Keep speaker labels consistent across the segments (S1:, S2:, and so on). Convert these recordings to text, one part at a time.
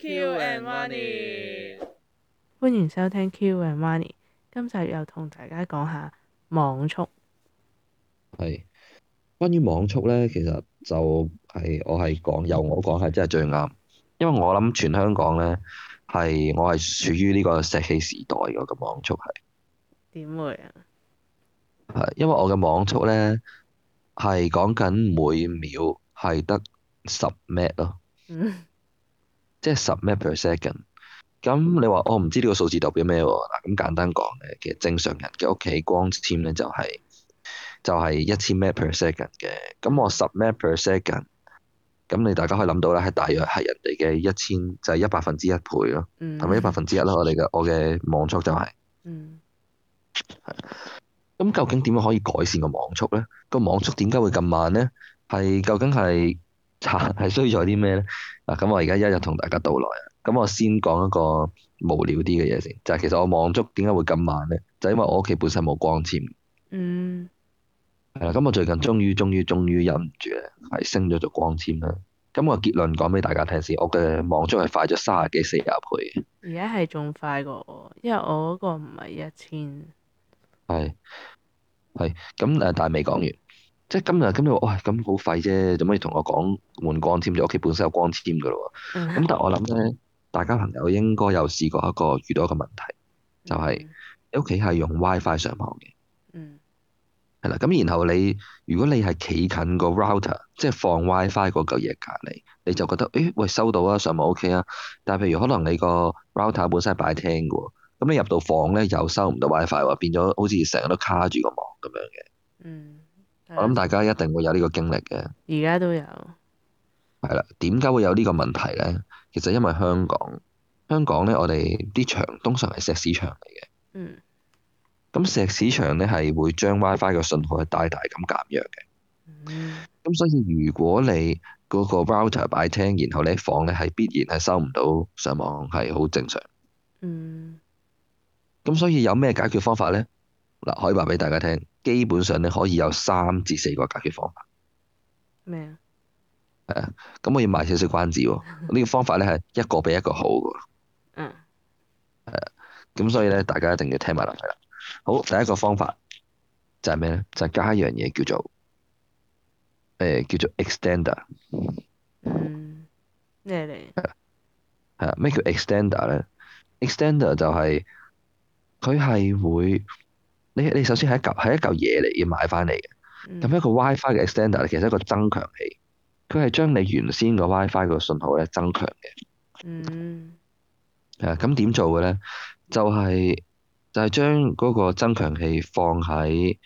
S1: Q and Money，歡迎收聽 Q and Money。Oney, 今集又同大家講下網速。
S2: 係關於網速呢，其實就係我係講，由我講係真係最啱。因為我諗全香港呢係我係屬於呢個石器時代嘅咁網速係。
S1: 點會啊？
S2: 係，因為我嘅網速呢係講緊每秒係得十 Mbps 咯。 即係十 Mbps 咁，你話我唔知呢個數字代表咩喎、啊？嗱，咁簡單講咧，其實正常人嘅屋企光纖咧就係、是、就係一千 Mbps 嘅。咁我十 Mbps 咁，你大家可以諗到啦，係大約係人哋嘅一千就係一百分之一倍咯、啊，係咪一百分之一咯？我哋嘅我嘅網速就係、是、嗯，係、mm。咁、hmm. 究竟點樣可以改善個網速咧？個網速點解會咁慢咧？係究竟係？查係衰咗啲咩咧？嗱， 咁我而家一日同大家到來啊。咁我先講一個無聊啲嘅嘢先，就係、係、其實我網速點解會咁慢咧？就係、因為我屋企本身冇光纖。嗯。係啦，咁我最近終於、終於、終於忍唔住咧，係升咗做光纖啦。咁我結論講俾大家聽先，我嘅網速係快咗三十幾、四十倍。
S1: 而家係仲快過我，因為我嗰個唔係一千。
S2: 係。係。咁誒，但係未講完。即係今日今日，哇，喂咁好廢啫，做咩要同我講換光纖？就屋企本身有光纖嘅咯。咁、mm hmm. 但係我諗咧，大家朋友應該有試過一個遇到一個問題，就係、是、你屋企係用 WiFi 上網嘅，係啦、mm。咁、hmm. 然後你如果你係企近個 router，即係放 WiFi 嗰嚿嘢隔離，你就覺得誒、哎、喂收到啊，上網 OK 啊。但係譬如可能你個 router 本身係擺廳嘅喎，咁你入到房咧又收唔到 WiFi 喎，Fi, 變咗好似成日都卡住個網咁樣嘅。Mm hmm. 我諗大家一定會有呢個經歷嘅，
S1: 而家都有。
S2: 係啦，點解會有呢個問題呢？其實因為香港香港呢，我哋啲牆通常係石屎牆嚟嘅。咁石屎牆呢，係會將 WiFi 嘅信號係大大咁減弱嘅。咁、嗯、所以如果你嗰個 router 擺喺廳，然後呢房呢係必然係收唔到上網，係好正常。咁、嗯、所以有咩解決方法呢？嗱，可以話俾大家聽。基本上你可以有三至四個解決方法。
S1: 咩啊麼？係啊，
S2: 咁我要賣少少關子喎、哦。呢個 方法咧係一個比一個好嘅。嗯。係啊，咁所以咧大家一定要聽埋落去啦。好，第一個方法就係咩咧？就係、加一樣嘢叫做誒、呃，叫做 extender。
S1: 咩嚟、嗯？
S2: 係啊，咩叫 extender 咧？extender 就係佢係會。你你首先係一嚿係一嚿嘢嚟要買翻嚟嘅，咁一個 WiFi 嘅 extender，其實一個增強器，佢係將你原先個 WiFi 個信號咧增強嘅。嗯。係咁點做嘅咧？就係、係、就係、係、將嗰個增強器放喺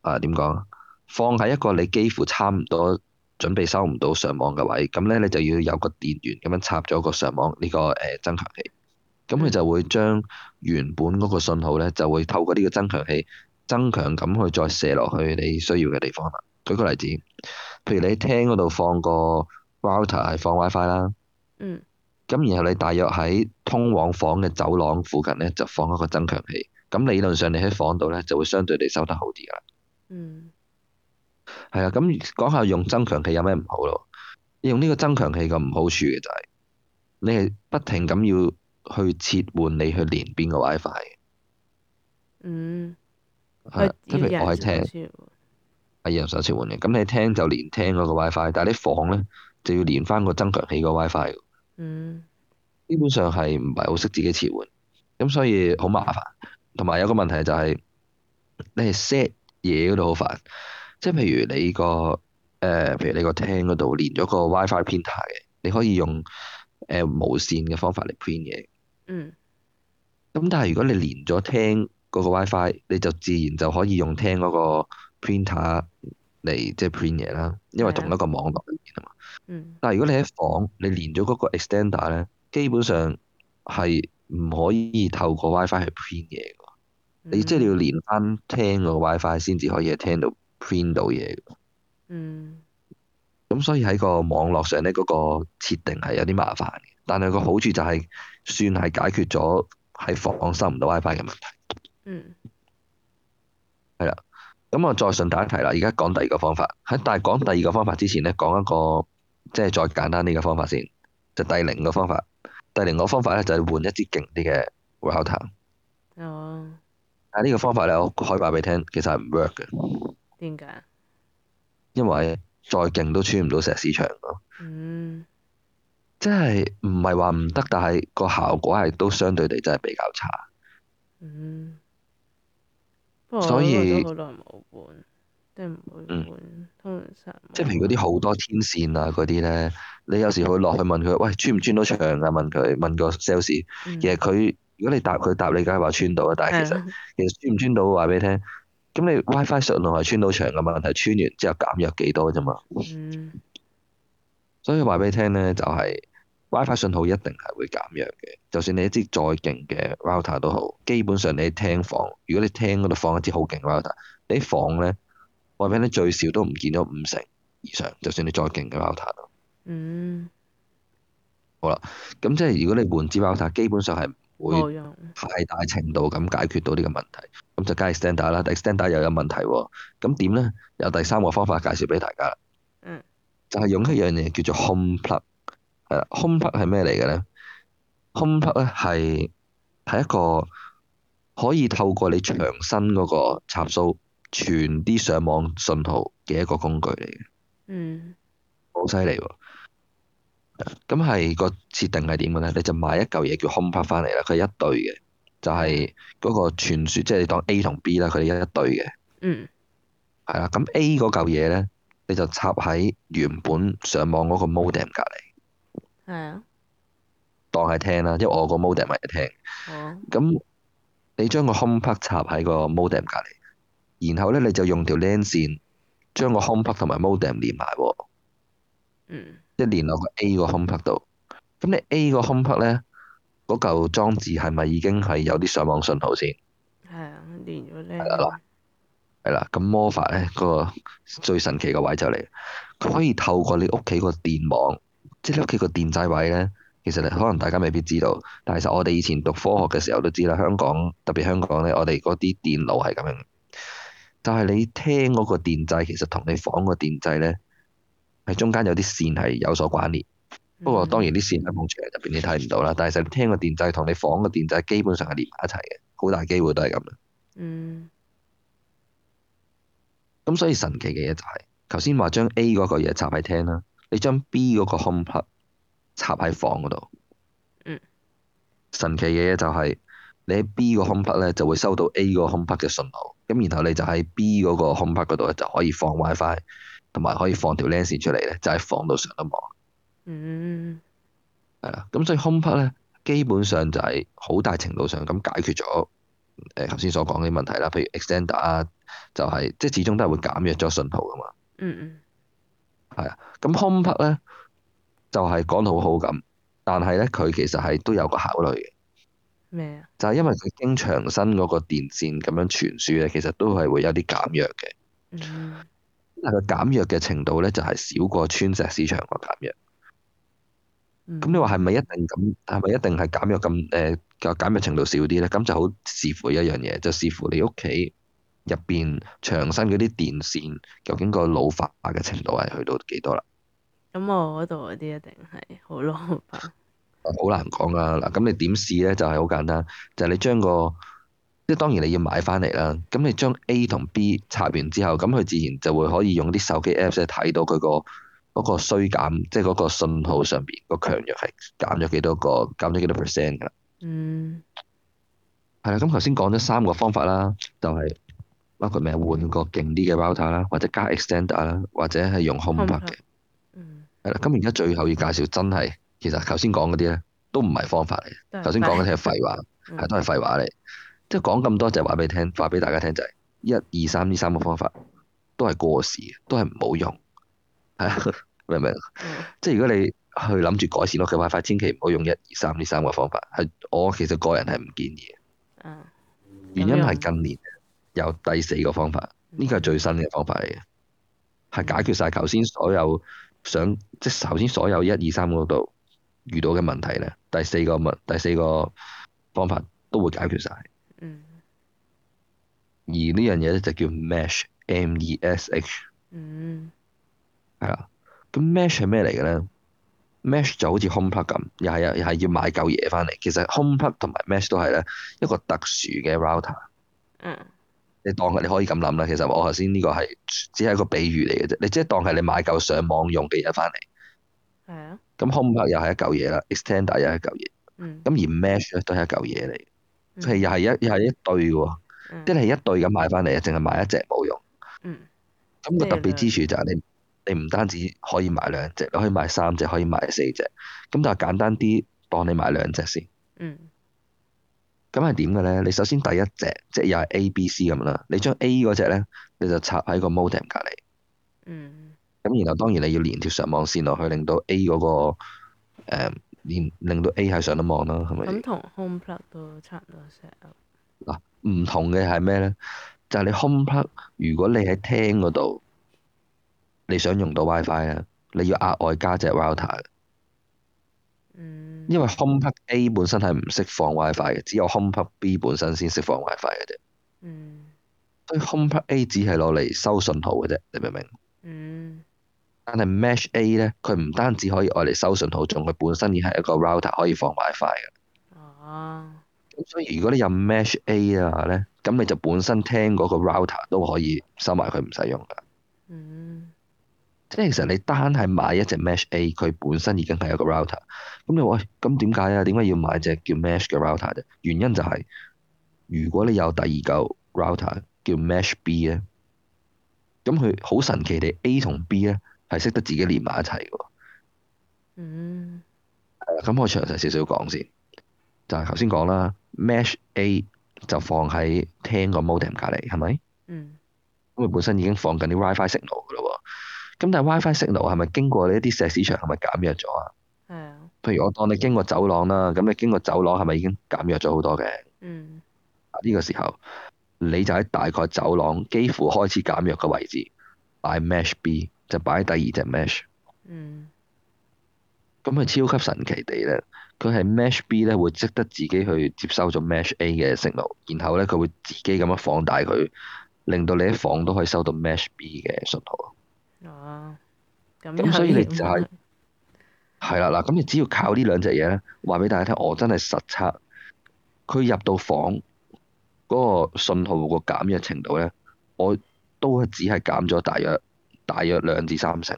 S2: 啊點講？放喺一個你幾乎差唔多準備收唔到上網嘅位，咁咧你就要有個電源咁樣插咗個上網呢個誒增強器。咁佢就會將原本嗰個信號呢，就會透過呢個增強器增強咁去再射落去你需要嘅地方啦。舉個例子，譬如你喺廳嗰度放個 router 係放 WiFi 啦，嗯，咁然後你大約喺通往房嘅走廊附近呢，就放一個增強器。咁理論上你喺房度呢，就會相對地收得好啲㗎啦。嗯，係啊，咁講下用增強器有咩唔好咯？用呢個增強器個唔好處嘅就係你係不停咁要。去切換你去連邊個 WiFi 嘅，嗯，
S1: 係是，啊、即譬如我喺廳，
S2: 係人手切換嘅。咁你廳就連廳嗰個 WiFi，但係啲房咧就要連翻個增強器個 WiFi 嗯，基本上係唔係好識自己切換，咁所以好麻煩。同埋有個問題就係、是、你係 set 嘢嗰度好煩，即係譬如你、這個誒、呃，譬如你個廳嗰度連咗個 WiFi 偏太嘅，printer, 你可以用誒、呃、無線嘅方法嚟 print 嘢。嗯，咁但係如果你連咗廳嗰個 WiFi，你就自然就可以用廳嗰個 printer 嚟即係 print 嘢啦，因為同一個網絡裏面啊嘛。嗯。但係如果你喺房，你連咗嗰個 extender 咧，基本上係唔可以透過 WiFi 去 print 嘢嘅。嗯。你即係你要連翻廳嗰個 WiFi 先至可以喺廳度 print 到嘢。嗯。咁所以喺個網絡上咧，嗰個設定係有啲麻煩。但係個好處就係算係解決咗喺房收唔到 WiFi 嘅問題。嗯，係啦。咁我再順帶一提啦。而家講第二個方法。喺但係講第二個方法之前呢，講一個即係再簡單啲嘅方法先，就是、第零個方法。第零個方法呢，就係換一支勁啲嘅 router 哦。但係呢個方法呢，我可以話俾你聽，其實係唔 work 嘅。點解？因為再勁都穿唔到石屎牆咯。嗯。即係唔係話唔得，但係個效果係都相對地真係比較差。嗯、
S1: 所以、嗯、
S2: 即係譬如嗰啲好多天線啊嗰啲呢，你有時會落去問佢，喂穿唔穿到牆啊？問佢問個 sales，、嗯、其實佢如果你答佢答，你梗係話穿到啦。但係其實、嗯、其實穿唔穿到，話俾你聽。咁你 WiFi 信號係穿到牆嘅冇問題，穿完之後減弱幾多啫嘛。嗯、所以話俾你聽呢，就係、是。WiFi 信號一定係會減弱嘅，就算你一支再勁嘅 router 都好，基本上你喺廳房，如果你廳嗰度放一支好勁 router，你房咧 w i 你最少都唔見咗五成以上，就算你再勁嘅 router。嗯。好啦，咁即係如果你換支 router，基本上係唔會太大程度咁解決到呢個問題。咁用就加 e x t a n d 啦，但 e s t a n d 又有問題喎、啊。咁點呢？有第三個方法介紹俾大家啦。嗯。就係、是、用一樣嘢叫做 HomePlug。係啦，空拍係咩嚟嘅咧？空拍咧，係係一個可以透過你牆身嗰個插蘇傳啲上網信號嘅一個工具嚟
S1: 嘅。
S2: 嗯，好犀利喎！咁係、嗰個設定係點嘅咧？你就買一嚿嘢叫空拍返嚟啦，佢係一對嘅，就係、是、嗰個傳輸，即、就、係、是、你當 A 同 B 啦，佢哋一一對嘅。嗯，係啦，咁 A 嗰嚿嘢咧，你就插喺原本上網嗰個 modem 隔籬。
S1: 係
S2: 啊，當係聽啦，因為我個 modem 係聽，咁、啊、你將個 homepak 插喺個 modem 隔籬，然後咧你就用條 LAN 線將個 homepak 同埋 modem 連埋，嗯，即係連落個 A 個 homepak 度，咁你 A home park 呢，嗰個 homepak 咧嗰嚿裝置係咪已經係有啲上網信號先？
S1: 係啊，連咗咧。係啦，
S2: 係啦，咁魔法咧，嗰、嗰個最神奇嘅位就嚟，佢可以透過你屋企個電網。即係屋企個電掣位咧，其實你可能大家未必知道，但係其實我哋以前讀科學嘅時候都知啦。香港特別香港咧，我哋嗰啲電路係咁樣。就係你廳嗰個電掣，其實同你房個電掣咧，喺中間有啲線係有所關聯。不過當然啲線喺網傳入邊你睇唔到啦。但係你廳個電掣同你房個電掣，基本上係連埋一齊嘅，好大機會都係咁啦。嗯。咁所以神奇嘅嘢就係、是，頭先話將 A 嗰個嘢插喺廳啦。你將 B 嗰個 homeplug 插喺房嗰度，神奇嘅嘢就係你喺 B 個 homeplug 咧就會收到 A 個 homeplug 嘅信號，咁然後你就喺 B 嗰個 homeplug 嗰度咧就可以放 WiFi，同埋可以放條 LAN 線出嚟咧，就喺房度上得網。咁所以 homeplug 咧基本上就係好大程度上咁解決咗誒頭先所講嘅問題啦，譬如 extender 啊，就係即係始終都係會減弱咗信號㗎嘛。係啊，咁 HomePlug 咧就係講到好好咁，但係咧佢其實係都有個考慮嘅。咩啊
S1: 麼？
S2: 就係因為佢經長新嗰個電線咁樣傳輸咧，其實都係會有啲減弱嘅。嗯。個減弱嘅程度咧，就係、是、少過穿石屎牆個減弱。嗯。咁你話係咪一定咁？係咪一定係減弱咁？誒、呃，個減弱程度少啲咧？咁就好視乎一樣嘢，就視乎你屋企。入邊長身嗰啲電線，究竟個老化嘅程度係去到幾多啦？
S1: 咁我嗰度嗰啲一定係好老化。
S2: 好難講啊！嗱，咁你點試咧？就係好簡單，就係你將個即係當然你要買翻嚟啦。咁你將 A 同 B 插完之後，咁佢自然就會可以用啲手機 Apps 睇到佢個嗰個衰減，即係嗰個信號上邊個強弱係減咗幾多個，減咗幾多 percent 㗎啦。嗯，係啦。咁頭先講咗三個方法啦，就係。包括咩？換個勁啲嘅 router 啦，或者加 extender 啦，或者係用 home pack 嘅，係啦、嗯。咁而家最後要介紹，真係其實頭先講嗰啲咧都唔係方法嚟。頭先講嗰啲係廢話，係、嗯、都係廢話嚟。即係講咁多就話俾你聽，話俾大家聽就係、是、一、二、三呢三個方法都係過時都係唔好用。係 明唔明嗎？嗯、即係如果你去諗住改善我嘅 WiFi，千祈唔好用一、二、三呢三個方法。係我其實個人係唔建議嘅。嗯嗯、原因係近年。有第四個方法，呢個係最新嘅方法嚟嘅，係解決晒頭先所有想即係頭先所有一二三嗰度遇到嘅問題咧。第四個問，第四個方法都會解決晒。嗯。而呢樣嘢咧就叫 mesh，m-e-s-h。嗯。係啦，咁 mesh 係咩嚟嘅咧？mesh 就好似 homeplug 咁，又係又係要買嚿嘢翻嚟。其實 homeplug 同埋 mesh 都係咧一個特殊嘅 router。嗯。你當你可以咁諗啦，其實我頭先呢個係只係一個比喻嚟嘅啫。你即係當係你買嚿上網用嘅嘢翻嚟，係啊。咁 HomePlug 又係一嚿嘢啦，Extender 又係一嚿嘢。咁、嗯、而 Mesh 咧都係一嚿嘢嚟，佢又係一又係一對喎。嗯、即係一對咁買翻嚟，淨係買一隻冇用。
S1: 嗯。
S2: 咁個特別之處就係你你唔單止可以買兩隻，你可以買三隻，可以買四隻。咁但係簡單啲，當你買兩隻先。嗯。咁係點嘅咧？你首先第一隻即係又係 A、B、C 咁啦。你將 A 嗰隻咧，你就插喺個 modem 隔離。嗯。咁然後當然你要連條上網線落去，令到 A 嗰、嗰個誒、呃、令到 A 係上得網啦，係咪？咁 home、
S1: 啊、同 homeplug 都差
S2: 唔多 e 嗱，唔同嘅係咩咧？就係、係、你 homeplug，如果你喺廳嗰度，你想用到 WiFi 啊，Fi，你要額外加隻 router。因為 HomePlug A 本身係唔識放 WiFi 嘅，只有 HomePlug B 本身先識放 WiFi 嘅啫。嗯、所以 HomePlug A 只係攞嚟收信號嘅啫，你明唔明？嗯、但係 Mesh A 呢，佢唔單止可以攞嚟收信號，仲佢本身已係一個 router 可以放 WiFi 嘅。咁、啊、所以如果你有 Mesh A 啊呢，咁你就本身聽嗰個 router 都可以收埋佢唔使用嘅。即係其實你單係買一隻 Mesh A，佢本身已經係一個 router。咁、嗯、你喂，咁點解啊？點解要買隻叫 Mesh 嘅 router 啫？原因就係、是、如果你有第二嚿 router 叫 Mesh B 咧，咁佢好神奇地 A 同 B 咧係識得自己連埋一齊㗎喎。嗯。誒、啊，咁我詳細少少講先。就係、是、頭先講啦，Mesh A 就放喺廳個 modem 隔離，係咪？嗯。咁佢本身已經放緊啲 WiFi signal 㗎咯喎。咁但係 WiFi signal 係咪經過呢一啲石市場係咪減弱咗啊？的譬如我當你經過走廊啦，咁你經過走廊係咪已經減弱咗好多嘅？呢、嗯、個時候你就喺大概走廊幾乎開始減弱嘅位置擺 Mesh B，就擺喺第二隻 Mesh。咁佢、嗯、超級神奇地呢，佢係 Mesh B 呢會識得自己去接收咗 Mesh A 嘅 signal，然後呢，佢會自己咁樣放大佢，令到你喺房都可以收到 Mesh B 嘅信號。
S1: 哦，咁、啊、所以你就係，
S2: 係啦嗱，咁你只要靠呢兩隻嘢咧，話俾大家聽，我真係實測佢入到房嗰、那個信號個減弱程度咧，我都係只係減咗大約大約兩至三成。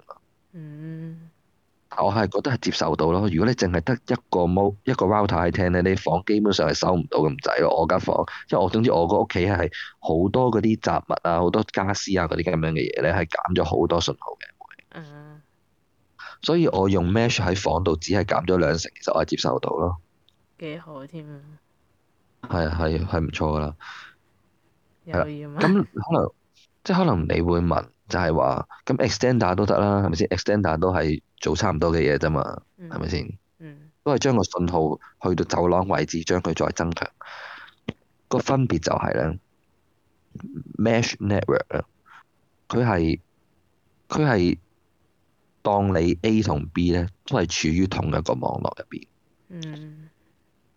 S2: 我係覺得係接受到咯。如果你淨係得一個模一個 router 喺廳咧，你房基本上係收唔到咁滯咯。我間房，即係我總之我個屋企係好多嗰啲雜物啊，好多傢俬啊嗰啲咁樣嘅嘢咧，係減咗好多信號嘅。嗯。Uh, 所以我用 Mesh 喺房度只係減咗兩成，其實我係接受到咯。幾好添！係啊，係啊，係唔錯㗎啦。
S1: 係。咁
S2: 可能即係可能你會問，就係話，咁 extender 都得啦，係咪先？extender 都係做差唔多嘅嘢啫嘛，係咪先？都係將個信號去到走廊位置，將佢再增強。個分別就係咧，mesh network 佢係佢係當你 A 同 B 咧都係處於同一個網絡入邊。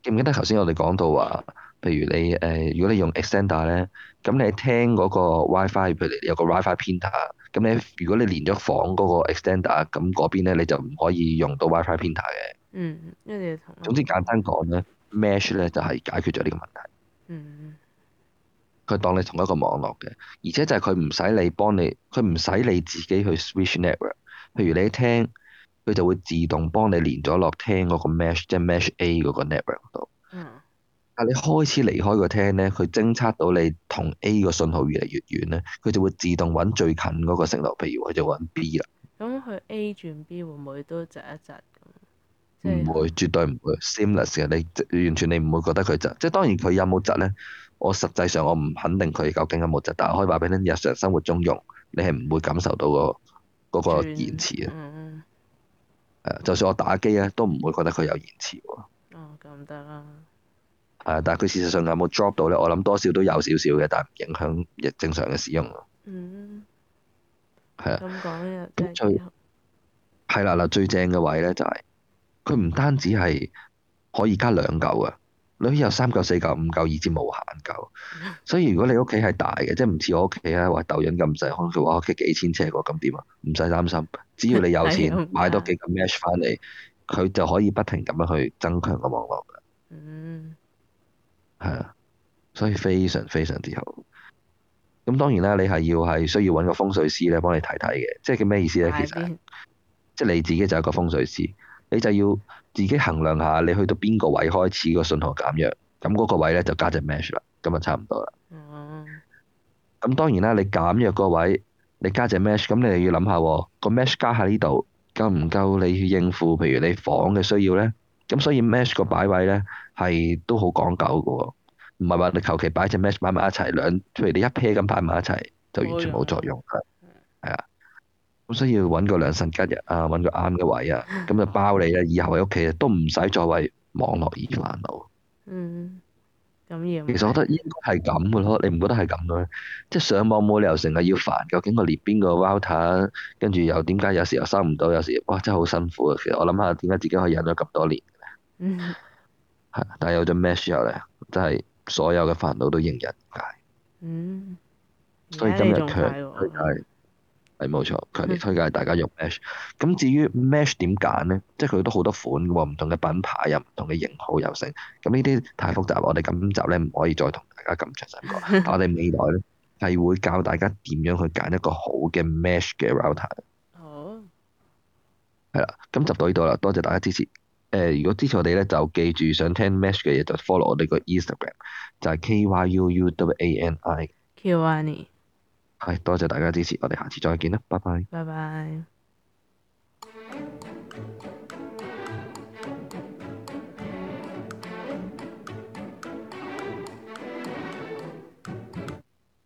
S2: 記唔記得頭先我哋講到話？譬如你誒，如果你用 extender 咧，咁你喺聽嗰個 WiFi，譬如你有個 WiFi printer，咁你如果你連咗房嗰個 extender，咁嗰邊咧你就唔可以用到 WiFi printer 嘅。嗯，
S1: 因為要同。
S2: 總之簡單講咧，Mesh 咧就係解決咗呢個問題。嗯。佢當你同一個網絡嘅，而且就係佢唔使你幫你，佢唔使你自己去 switch network。譬如你一聽，佢就會自動幫你連咗落聽嗰個 Mesh，即係 Mesh A 嗰個 network 度。嗯。但你開始離開個廳咧，佢偵測到你同 A 個信號越嚟越遠咧，佢就會自動揾最近嗰個信號，譬如佢就揾 B 啦。咁佢 A 轉 B 會唔會都窒一窒？唔會，絕對唔會，similar 嘅。你完全你唔會覺得佢窒，即係當然佢有冇窒咧？我實際上我唔肯定佢究竟有冇窒，但係可以話俾你聽，日常生活中用你係唔會感受到、個嗰個延遲、嗯、啊。就算我打機啊，都唔會覺得佢有延遲喎，嗯。哦，咁得啦。係，但係佢事實上有冇 drop 到呢？我諗多少都有少少嘅，但係唔影響正常嘅使用咯。係啊、
S1: 嗯，
S2: 係啦嗱，最正嘅位呢就係佢唔單止係可以加兩嚿嘅，你可以有三嚿、四嚿、五嚿，以至無限嚿。所以如果你屋企係大嘅， 即係唔似我屋企啊，或抖音咁細，可能佢話屋企幾千尺嗰咁點啊？唔使擔心，只要你有錢 的買多幾個 mesh 返嚟，佢就可以不停咁樣去增強個網絡。係啊，所以非常非常之好。咁當然啦，你係要係需要揾個風水師咧，幫你睇睇嘅，即係叫咩意思呢？其實，即係你自己就係一個風水師，你就要自己衡量下，你去到邊個位開始個信號減弱，咁嗰個位咧就加隻 mesh 啦，咁就差唔多啦。咁當然啦，你減弱個位，你加隻 mesh，咁你又要諗下，個 mesh 加喺呢度，夠唔夠你要應付，譬如你房嘅需要呢？咁所以 mesh 個擺位咧係都好講究嘅喎。哦，唔係話你求其擺隻 mesh 擺埋一齊兩，譬如你一 pair 咁擺埋一齊就完全冇作用㗎，係啊。咁所以要揾個兩神吉啊，揾個啱嘅位啊，咁就包你啦。以後喺屋企都唔使再為網絡而煩惱。嗯，
S1: 咁要。其實我覺得應
S2: 該係咁嘅咯，你唔覺得係咁嘅咩？即係上網冇理由成日要煩，究竟我列邊個 router，跟住又點解有時候又收唔到，有時哇真係好辛苦啊。其實我諗下點解自己可以忍咗咁多年。係，但係有咗 Mesh 之後咧，真係所有嘅煩惱都迎刃而解。
S1: 所以今日強係
S2: 係冇錯，強烈推介大家用 Mesh。咁至於 Mesh 點揀呢？即係佢都好多款嘅，唔同嘅品牌又唔同嘅型號有成。咁呢啲太複雜，我哋今集咧唔可以再同大家咁詳細講。但係我哋未來咧係會教大家點樣去揀一個好嘅 Mesh 嘅 Router。哦，係啦，今集到呢度啦，多謝大家支持。誒，如果支持我哋咧，就記住想聽 Mesh 嘅嘢，就 follow 我哋個 Instagram，就係 K Y U U W A N I。
S1: Y U A、N I。
S2: 係，多謝大家支持，我哋下次再見啦，
S1: 拜拜。拜拜。